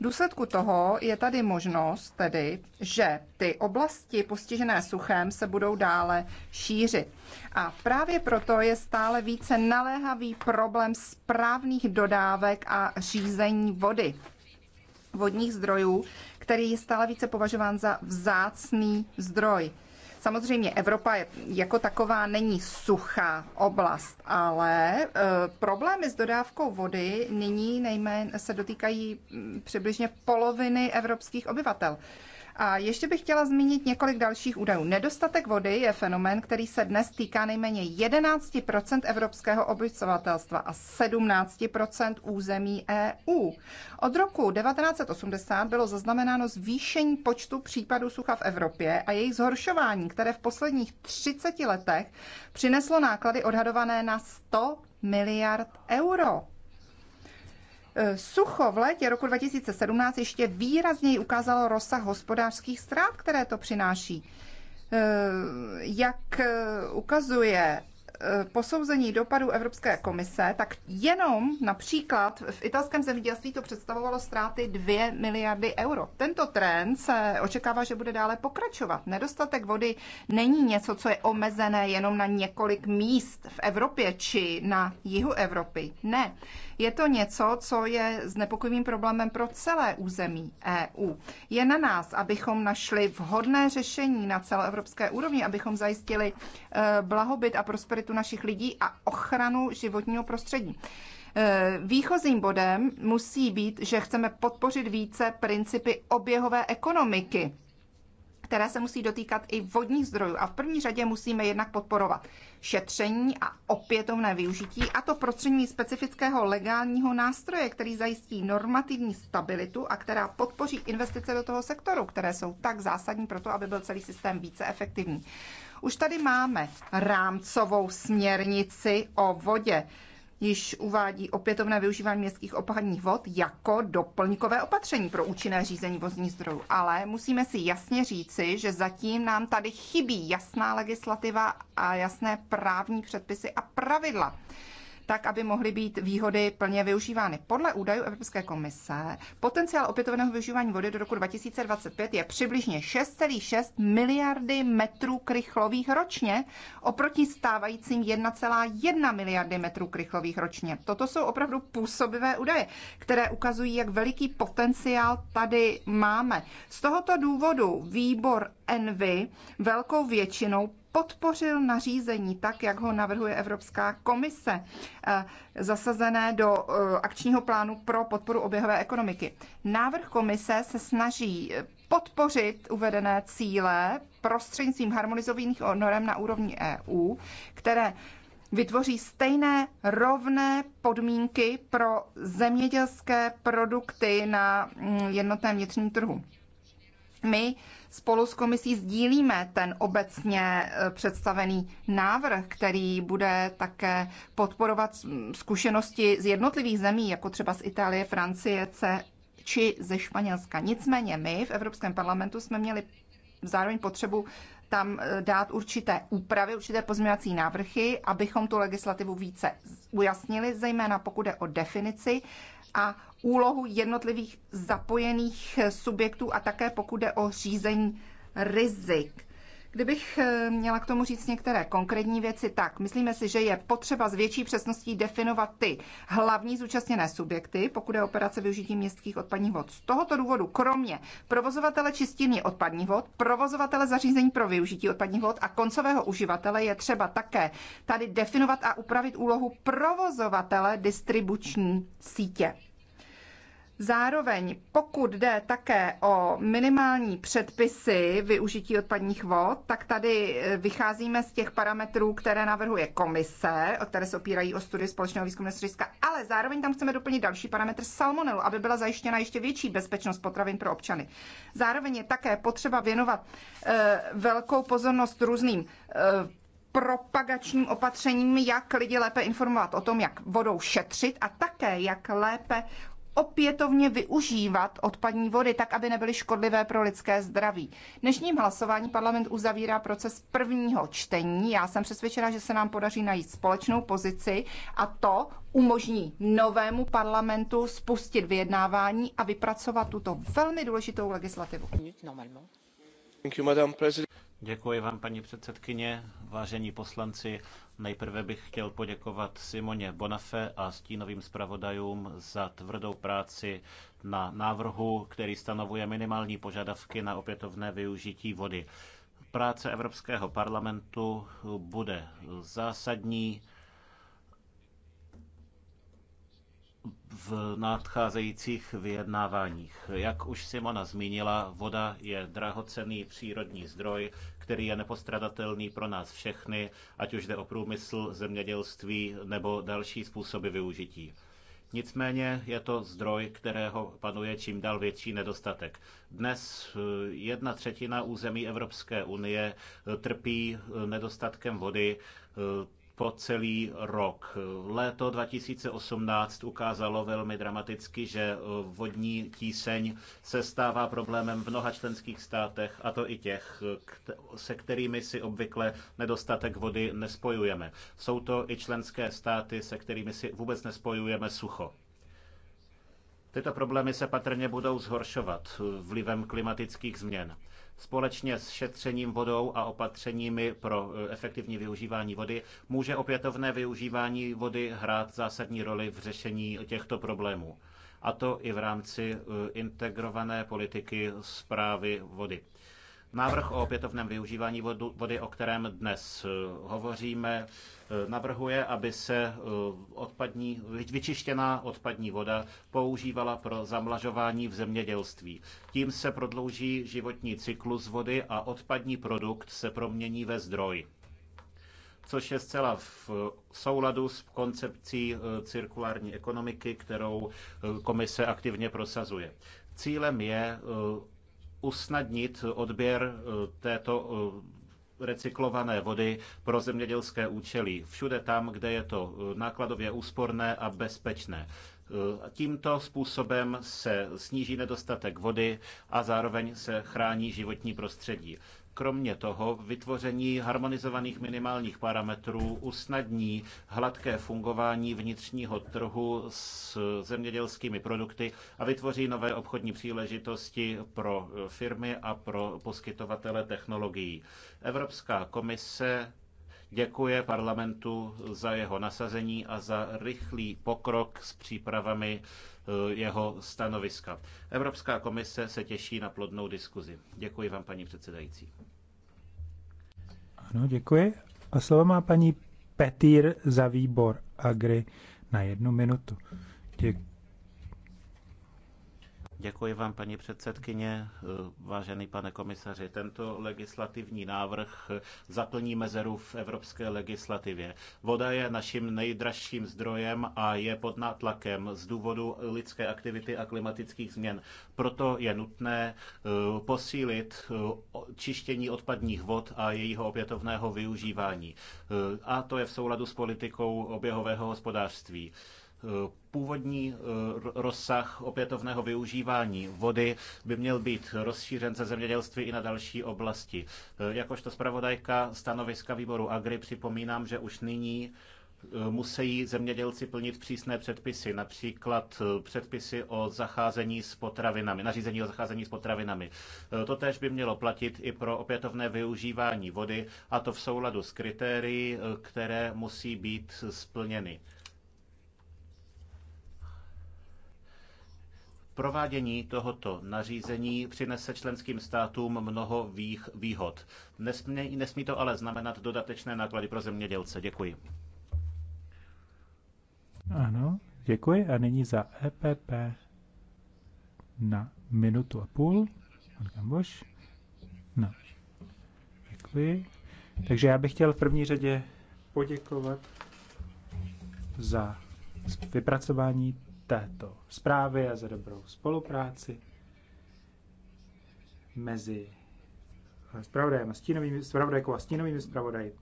V důsledku toho je tady možnost tedy, že ty oblasti postižené suchem se budou dále šířit. A právě proto je stále více naléhavý problém správných dodávek a řízení vody vodních zdrojů, který je stále více považován za vzácný zdroj. Samozřejmě Evropa jako taková není suchá oblast, ale e, problémy s dodávkou vody nyní nejméně se dotýkají přibližně poloviny evropských obyvatel. A ještě bych chtěla zmínit několik dalších údajů. Nedostatek vody je fenomén, který se dnes týká nejméně 11 evropského obyvatelstva a 17 území EU. Od roku 1980 bylo zaznamenáno zvýšení počtu případů sucha v Evropě a jejich zhoršování, které v posledních 30 letech přineslo náklady odhadované na 100 miliard euro. Eh, sucho v létě roku 2017 ještě výrazněji ukázalo rozsah hospodářských ztrát, které to přináší. Eh, jak eh, ukazuje posouzení dopadu Evropské komise, tak jenom například v italském zemědělství to představovalo ztráty 2 miliardy euro. Tento trend se očekává, že bude dále pokračovat. Nedostatek vody není něco, co je omezené jenom na několik míst v Evropě či na jihu Evropy. Ne. Je to něco, co je znepokojivým problémem pro celé území EU. Je na nás, abychom našli vhodné řešení na celoevropské úrovni, abychom zajistili eh, blahobyt a prosperitu našich lidí a ochranu životního prostředí. Eh, výchozím bodem musí být, že chceme podpořit více principy oběhové ekonomiky které se musí dotýkat i vodních zdrojů. A v první řadě musíme jednak podporovat šetření a opětovné využití, a to prostřední specifického legálního nástroje, který zajistí normativní stabilitu a která podpoří investice do toho sektoru, které jsou tak zásadní pro to, aby byl celý systém více efektivní. Už tady máme rámcovou směrnici o vodě již uvádí opětovné využívání městských opadních vod jako doplňkové opatření pro účinné řízení vozních zdrojů. Ale musíme si jasně říci, že zatím nám tady chybí jasná legislativa a jasné právní předpisy a pravidla tak aby mohly být výhody plně využívány. Podle údajů Evropské komise potenciál opětovného využívání vody do roku 2025 je přibližně 6,6 miliardy metrů krychlových ročně oproti stávajícím 1,1 miliardy metrů krychlových ročně. Toto jsou opravdu působivé údaje, které ukazují, jak veliký potenciál tady máme. Z tohoto důvodu výbor Envy velkou většinou podpořil nařízení tak, jak ho navrhuje Evropská komise, eh, zasazené do eh, akčního plánu pro podporu oběhové ekonomiky. Návrh komise se snaží eh, podpořit uvedené cíle prostřednictvím harmonizovaných norem na úrovni EU, které vytvoří stejné rovné podmínky pro zemědělské produkty na mm, jednotném vnitřním trhu. My Spolu s komisí sdílíme ten obecně e, představený návrh, který bude také podporovat zkušenosti z jednotlivých zemí, jako třeba z Itálie, Francie C, či ze Španělska. Nicméně my v Evropském parlamentu jsme měli zároveň potřebu tam e, dát určité úpravy, určité pozměňovací návrhy, abychom tu legislativu více ujasnili, zejména pokud je o definici a úlohu jednotlivých zapojených subjektů a také pokud jde o řízení rizik. Kdybych eh, měla k tomu říct některé konkrétní věci, tak myslíme si, že je potřeba s větší přesností definovat ty hlavní zúčastněné subjekty, pokud je operace využití městských odpadních vod. Z tohoto důvodu, kromě provozovatele čistírny odpadních vod, provozovatele zařízení pro využití odpadních vod a koncového uživatele je třeba také tady definovat a upravit úlohu provozovatele distribuční sítě. Zároveň, pokud jde také o minimální předpisy využití odpadních vod, tak tady eh, vycházíme z těch parametrů, které navrhuje komise, o které se opírají o studii společného výzkumného střediska, ale zároveň tam chceme doplnit další parametr salmonelu, aby byla zajištěna ještě větší bezpečnost potravin pro občany. Zároveň je také potřeba věnovat eh, velkou pozornost různým eh, propagačním opatřením, jak lidi lépe informovat o tom, jak vodou šetřit a také jak lépe opětovně využívat odpadní vody tak, aby nebyly škodlivé pro lidské zdraví. Dnešním hlasování parlament uzavírá proces prvního čtení. Já jsem přesvědčena, že se nám podaří najít společnou pozici a to umožní novému parlamentu spustit vyjednávání a vypracovat tuto velmi důležitou legislativu. Děkuji vám, paní předsedkyně, vážení poslanci. Nejprve bych chtěl poděkovat Simoně Bonafe a stínovým zpravodajům za tvrdou práci na návrhu, který stanovuje minimální požadavky na opětovné využití vody. Práce Evropského parlamentu bude zásadní v nadcházejících vyjednáváních. Jak už Simona zmínila, voda je drahocený přírodní zdroj, který je nepostradatelný pro nás všechny, ať už jde o průmysl, zemědělství nebo další způsoby využití. Nicméně je to zdroj, kterého panuje čím dál větší nedostatek. Dnes eh, jedna třetina území Evropské unie eh, trpí eh, nedostatkem vody, po celý rok. Léto 2018 ukázalo velmi dramaticky, že vodní tíseň se stává problémem v mnoha členských státech, a to i těch, se kterými si obvykle nedostatek vody nespojujeme. Jsou to i členské státy, se kterými si vůbec nespojujeme sucho. Tyto problémy se patrně budou zhoršovat vlivem klimatických změn společně s šetřením vodou a opatřeními pro e, efektivní využívání vody může opětovné využívání vody hrát zásadní roli v řešení těchto problémů. A to i v rámci e, integrované politiky zprávy vody. Návrh o opětovném využívání vody, o kterém dnes eh, hovoříme, eh, navrhuje, aby se eh, odpadní, vyčištěná odpadní voda používala pro zamlažování v zemědělství. Tím se prodlouží životní cyklus vody a odpadní produkt se promění ve zdroj což je zcela v souladu s koncepcí cirkulární ekonomiky, kterou komise aktivně prosazuje. Cílem je usnadnit odběr e, této e, recyklované vody pro zemědělské účely. Všude tam, kde je to e, nákladově úsporné a bezpečné. Tímto způsobem se sníží nedostatek vody a zároveň se chrání životní prostředí. Kromě toho vytvoření harmonizovaných minimálních parametrů usnadní hladké fungování vnitřního trhu s zemědělskými produkty a vytvoří nové obchodní příležitosti pro firmy a pro poskytovatele technologií. Evropská komise děkuje parlamentu za jeho nasazení a za rychlý pokrok s přípravami Eh, jeho stanoviska. Evropská komise se těší na plodnou diskuzi. Děkuji vám, paní předsedající. Ano, děkuji. A slovo má paní Petýr za výbor Agri na jednu minutu. Děkuji. Děkuji vám, paní předsedkyně. Vážený pane komisaři, tento legislativní návrh zaplní mezeru v evropské legislativě. Voda je naším nejdražším zdrojem a je pod nátlakem z důvodu lidské aktivity a klimatických změn. Proto je nutné eh, posílit eh, čištění odpadních vod a jejího opětovného využívání. Eh, a to je v souladu s politikou oběhového hospodářství. Původní eh, rozsah opětovného využívání vody by měl být rozšířen ze zemědělství i na další oblasti. Eh, jakožto zpravodajka stanoviska výboru Agri připomínám, že už nyní eh, musí zemědělci plnit přísné předpisy, například předpisy o zacházení s potravinami, nařízení o zacházení s potravinami. Totež by mělo platit i pro opětovné využívání vody, a to v souladu s kritérii, které musí být splněny. Provádění tohoto nařízení přinese členským státům mnoho výhod. Nesmí, nesmí to ale znamenat dodatečné náklady pro zemědělce. Děkuji. Ano, děkuji. A nyní za EPP na minutu a půl. Pan Kamboš. No. Děkuji. Takže já bych chtěl v první řadě poděkovat za vypracování této zprávy a za dobrou spolupráci mezi spravodajem, a stínovými, zpravodajkou a stínovými zpravodaji.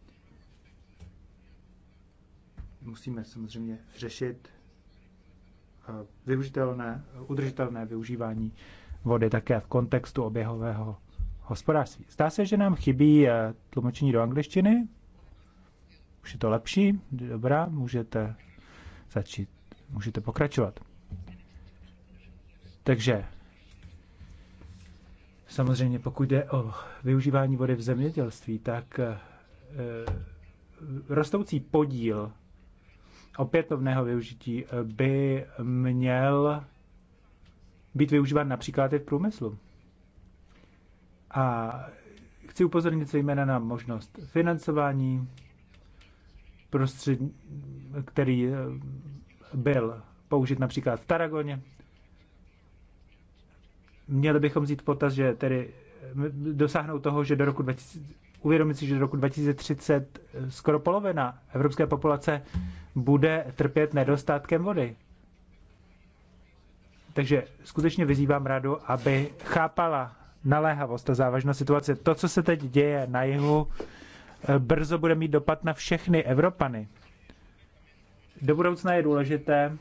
Musíme samozřejmě řešit eh, využitelné, udržitelné využívání vody také v kontextu oběhového hospodářství. Zdá se, že nám chybí eh, tlumočení do angličtiny. Už je to lepší? Dobrá, můžete začít. Můžete pokračovat. Takže samozřejmě pokud jde o využívání vody v zemědělství, tak e, rostoucí podíl opětovného využití by měl být využíván například i v průmyslu. A chci upozornit zejména na možnost financování, prostřed, který eh, byl použit například v Taragoně. Měli bychom vzít potaz, že tedy dosáhnout toho, že do roku 2000, uvědomit si, že do roku 2030 skoro polovina evropské populace bude trpět nedostatkem vody. Takže skutečně vyzývám radu, aby chápala naléhavost a závažnost situace. To, co se teď děje na jihu, brzo bude mít dopad na všechny Evropany. Do budoucna je důležité,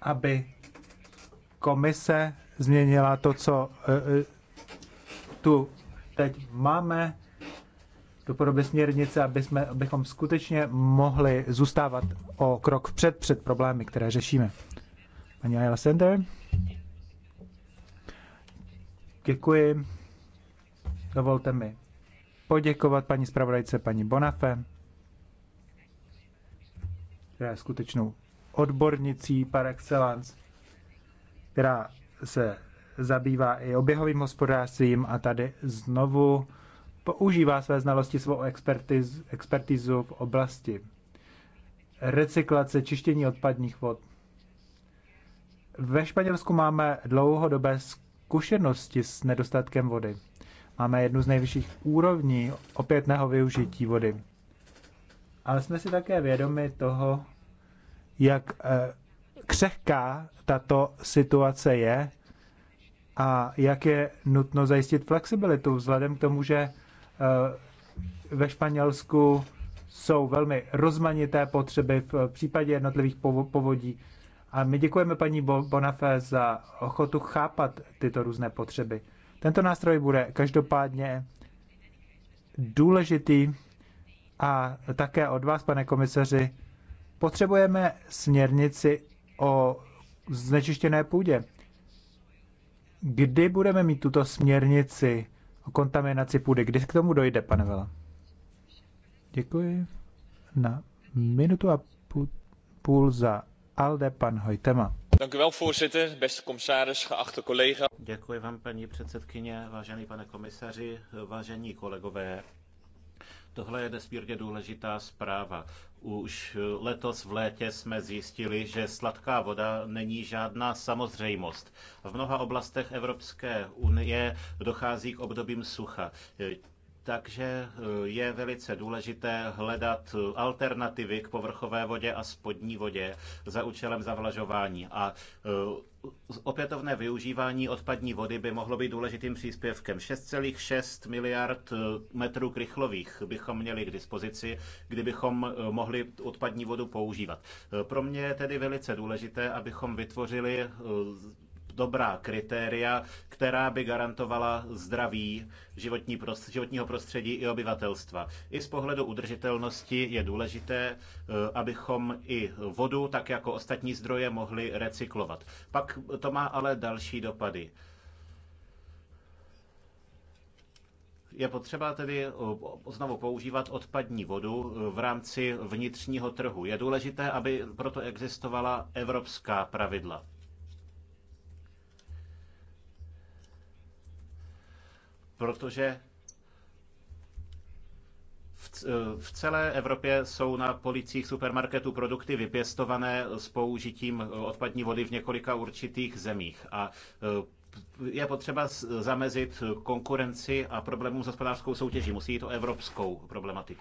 aby komise změnila to, co eh, eh, tu teď máme, do podoby směrnice, aby jsme, abychom skutečně mohli zůstávat o krok vpřed před problémy, které řešíme. Paní Ayala Sender. Děkuji. Dovolte mi poděkovat paní zpravodajce, paní Bonafe která je skutečnou odbornicí par excellence, která se zabývá i oběhovým hospodářstvím a tady znovu používá své znalosti, svou expertiz, expertizu v oblasti recyklace, čištění odpadních vod. Ve Španělsku máme dlouhodobé zkušenosti s nedostatkem vody. Máme jednu z nejvyšších úrovní opětného využití vody. Ale jsme si také vědomi toho, jak eh, křehká tato situace je a jak je nutno zajistit flexibilitu vzhledem k tomu, že eh, ve Španělsku jsou velmi rozmanité potřeby v případě jednotlivých povodí. A my děkujeme paní Bonafé za ochotu chápat tyto různé potřeby. Tento nástroj bude každopádně důležitý a také od vás, pane komisaři, Potřebujeme směrnici o znečištěné půdě. Kdy budeme mít tuto směrnici o kontaminaci půdy? Kdy k tomu dojde, pane Vela? Děkuji. Na minutu a půl za Alde pan Hojtema. Děkuji vám, paní předsedkyně, vážený pane komisaři, vážení kolegové. Tohle je nesmírně důležitá zpráva. Už eh, letos v létě jsme zjistili, že sladká voda není žádná samozřejmost. V mnoha oblastech Evropské unie dochází k obdobím sucha. Eh, takže eh, je velice důležité hledat alternativy k povrchové vodě a spodní vodě za účelem zavlažování. A opětovné využívání odpadní vody by mohlo být důležitým příspěvkem. 6,6 miliard eh, metrů krychlových bychom měli k dispozici, kdybychom eh, mohli odpadní vodu používat. Eh, pro mě je tedy velice důležité, abychom vytvořili dobrá kritéria, která by garantovala zdraví životní prost, životního prostředí i obyvatelstva. I z pohledu udržitelnosti je důležité, eh, abychom i vodu, tak jako ostatní zdroje, mohli recyklovat. Pak to má ale další dopady. je potřeba tedy eh, znovu používat odpadní vodu eh, v rámci vnitřního trhu. Je důležité, aby proto existovala evropská pravidla. protože v celé Evropě jsou na policích supermarketů produkty vypěstované s použitím odpadní vody v několika určitých zemích. A e, je potřeba zamezit konkurenci a problémům s hospodářskou soutěží. Musí jít o evropskou problematiku.